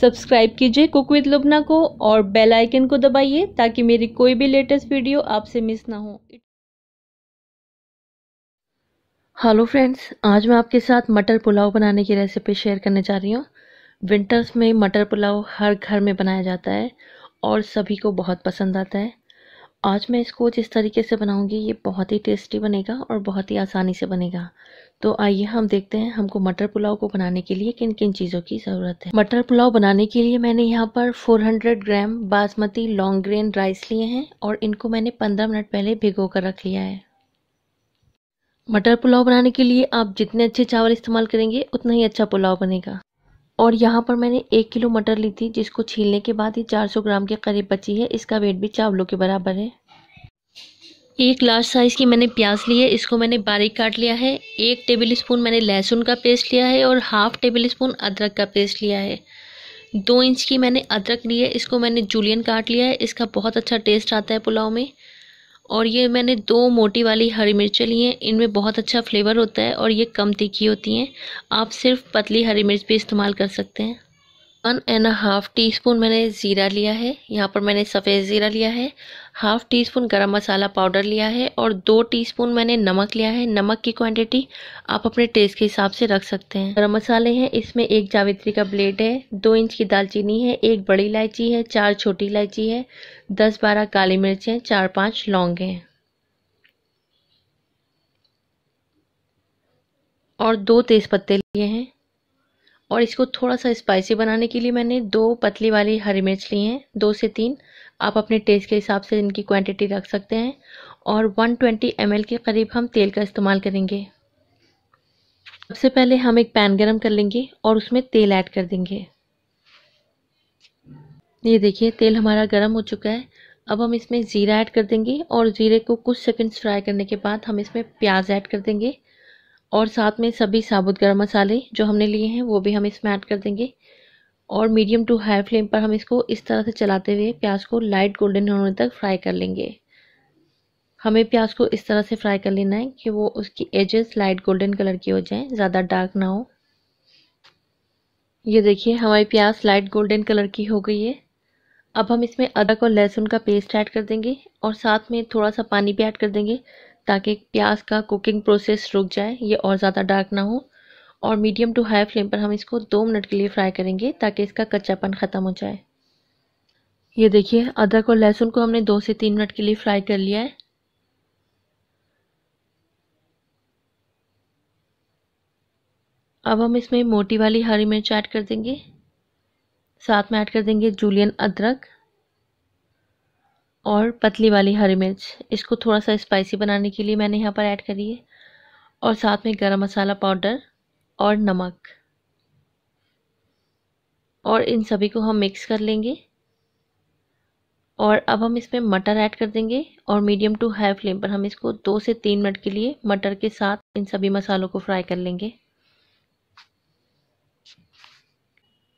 subscribe कीजिए cook with Lubna को और बेल आइकन को दबाइए ताकि मेरी कोई भी लेटेस्ट वीडियो आपसे मिस ना हो हेलो फ्रेंड्स आज मैं आपके साथ मटर पुलाव बनाने की रेसिपी शेयर करने जा रही हूँ विंटर्स में मटर पुलाव हर घर में बनाया जाता है और सभी को बहुत पसंद आता है आज मैं इसको जिस तरीके से बनाऊंगी ये बहुत ही टेस्टी बनेगा और बहुत ही आसानी से बनेगा तो आइए हम देखते हैं हमको मटर पुलाव को बनाने के लिए किन किन चीज़ों की ज़रूरत है मटर पुलाव बनाने के लिए मैंने यहाँ पर 400 gram basmati long grain rice लिए हैं और इनको मैंने 15 मिनट पहले भिगो कर रख लिया है मटर पुलाव बनाने के लिए आप जितने अच्छे चावल इस्तेमाल करेंगे उतना ही अच्छा पुलाव बनेगा और यहाँ पर मैंने एक किलो मटर ली थी जिसको छीलने के बाद ये 400 ग्राम के करीब बची है इसका वेट भी चावलों के बराबर है एक लार्ज साइज़ की मैंने प्याज ली है इसको मैंने बारीक काट लिया है एक टेबल स्पून मैंने लहसुन का पेस्ट लिया है और हाफ टेबल स्पून अदरक का पेस्ट लिया है दो इंच की मैंने अदरक ली है इसको मैंने जूलियन काट लिया है इसका बहुत अच्छा टेस्ट आता है पुलाव में और ये मैंने दो मोटी वाली हरी मिर्चें ली हैं इनमें बहुत अच्छा फ्लेवर होता है और ये कम तीखी होती हैं आप सिर्फ पतली हरी मिर्च भी इस्तेमाल कर सकते हैं one and half teaspoon मैंने ज़ीरा लिया है यहाँ पर मैंने सफ़ेद ज़ीरा लिया है half teaspoon garam masala powder लिया है और दो टी स्पून मैंने नमक लिया है नमक की क्वांटिटी आप अपने टेस्ट के हिसाब से रख सकते हैं गर्म मसाले हैं इसमें एक जावित्री का ब्लेड है दो इंच की दालचीनी है एक बड़ी इलायची है चार छोटी इलायची है दस बारह काली मिर्च हैं चार पाँच लौंग हैं और दो तेज पत्ते लिए हैं और इसको थोड़ा सा स्पाइसी बनाने के लिए मैंने दो पतली वाली हरी मिर्च ली हैं दो से तीन आप अपने टेस्ट के हिसाब से इनकी क्वांटिटी रख सकते हैं और 120 ट्वेंटी के करीब हम तेल का इस्तेमाल करेंगे सबसे पहले हम एक पैन गरम कर लेंगे और उसमें तेल ऐड कर देंगे ये देखिए तेल हमारा गर्म हो चुका है अब हम इसमें ज़ीरा ऐड कर देंगे और ज़ीरे को कुछ सेकंड्स फ्राई करने के बाद हम इसमें प्याज ऐड कर देंगे और साथ में सभी साबुत गर्म मसाले जो हमने लिए हैं वो भी हम इसमें ऐड कर देंगे और मीडियम टू हाई फ्लेम पर हम इसको इस तरह से चलाते हुए प्याज को लाइट गोल्डन होने तक फ्राई कर लेंगे हमें प्याज को इस तरह से फ्राई कर लेना है कि वो उसकी एजेस लाइट गोल्डन कलर की हो जाएं ज़्यादा डार्क ना हो ये देखिए हमारी प्याज लाइट गोल्डन कलर की हो गई है अब हम इसमें अदरक और लहसुन का पेस्ट ऐड कर देंगे और साथ में थोड़ा सा पानी भी ऐड कर देंगे ताकि प्याज का कुकिंग प्रोसेस रुक जाए ये और ज़्यादा डार्क ना हो और मीडियम टू हाई फ्लेम पर हम इसको दो मिनट के लिए फ्राई करेंगे ताकि इसका कच्चापन ख़त्म हो जाए ये देखिए अदरक और लहसुन को हमने दो से तीन मिनट के लिए फ्राई कर लिया है अब हम इसमें मोटी वाली हरी मिर्च ऐड कर देंगे साथ में ऐड कर देंगे जूलियन अदरक और पतली वाली हरी मिर्च इसको थोड़ा सा स्पाइसी बनाने के लिए मैंने यहाँ पर ऐड करी है और साथ में गरम मसाला पाउडर और नमक और इन सभी को हम मिक्स कर लेंगे और अब हम इसमें मटर ऐड कर देंगे और मीडियम टू हाई फ्लेम पर हम इसको दो से तीन मिनट के लिए मटर के साथ इन सभी मसालों को फ्राई कर लेंगे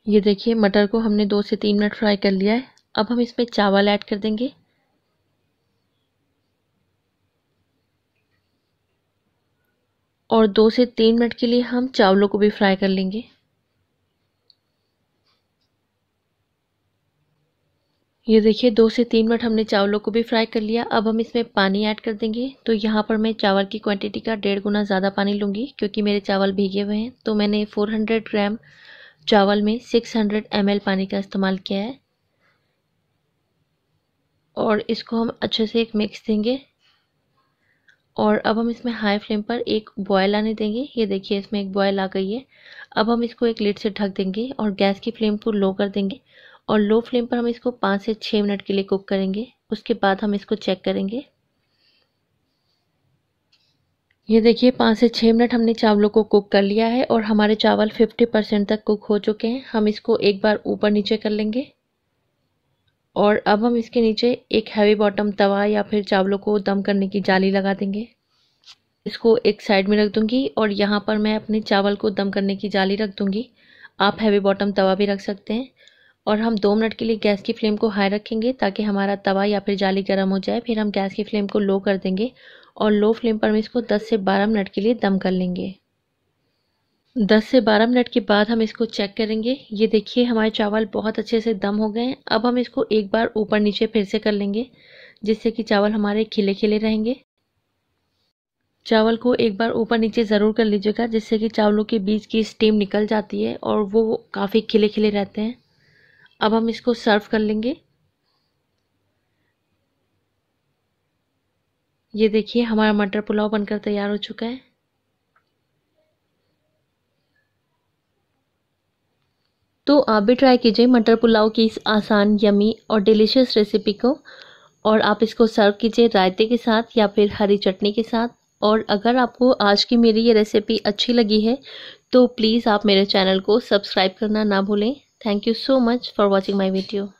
ये देखिए मटर को हमने दो से तीन मिनट फ्राई कर लिया है अब हम इसमें चावल ऐड कर देंगे और दो से तीन मिनट के लिए हम चावलों को भी फ्राई कर लेंगे ये देखिए दो से तीन मिनट हमने चावलों को भी फ्राई कर लिया अब हम इसमें पानी ऐड कर देंगे तो यहाँ पर मैं चावल की क्वांटिटी का डेढ़ गुना ज़्यादा पानी लूँगी क्योंकि मेरे चावल भीगे हुए हैं तो मैंने 400 ग्राम चावल में 600 हंड्रेड पानी का इस्तेमाल किया है और इसको हम अच्छे से एक मिक्स देंगे और अब हम इसमें हाई फ्लेम पर एक बॉयल आने देंगे ये देखिए इसमें एक बॉयल आ गई है अब हम इसको एक लीड से ढक देंगे और गैस की फ्लेम को लो कर देंगे और लो फ्लेम पर हम इसको पाँच से छः मिनट के लिए कुक करेंगे उसके बाद हम इसको चेक करेंगे ये देखिए पाँच से छः मिनट हमने चावलों को कुक कर लिया है और हमारे चावल फिफ्टी परसेंट तक कुक हो चुके हैं हम इसको एक बार ऊपर नीचे कर लेंगे और अब हम इसके नीचे एक हैवी बॉटम तवा या फिर चावलों को दम करने की जाली लगा देंगे इसको एक साइड में रख दूंगी और यहाँ पर मैं अपने चावल को दम करने की जाली रख दूंगी आप हैवी बॉटम तवा भी रख सकते हैं और हम दो मिनट के लिए गैस की फ्लेम को हाई रखेंगे ताकि हमारा तवा या फिर जाली गर्म हो जाए फिर हम गैस की फ्लेम को लो कर देंगे और लो फ्लेम पर हम इसको 10 से 12 मिनट के लिए दम कर लेंगे 10 से 12 मिनट के बाद हम इसको चेक करेंगे ये देखिए हमारे चावल बहुत अच्छे से दम हो गए हैं अब हम इसको एक बार ऊपर नीचे फिर से कर लेंगे जिससे कि चावल हमारे खिले खिले रहेंगे चावल को एक बार ऊपर नीचे ज़रूर कर लीजिएगा जिससे कि चावलों के बीच की स्टीम निकल जाती है और वो काफ़ी खिले खिले रहते हैं अब हम इसको सर्व कर लेंगे ये देखिए हमारा मटर पुलाव बनकर तैयार हो चुका है तो आप भी ट्राई कीजिए मटर पुलाव की इस आसान यमी और डिलीशियस रेसिपी को और आप इसको सर्व कीजिए रायते के साथ या फिर हरी चटनी के साथ और अगर आपको आज की मेरी ये रेसिपी अच्छी लगी है तो प्लीज़ आप मेरे चैनल को सब्सक्राइब करना ना भूलें thank you so much for watching my video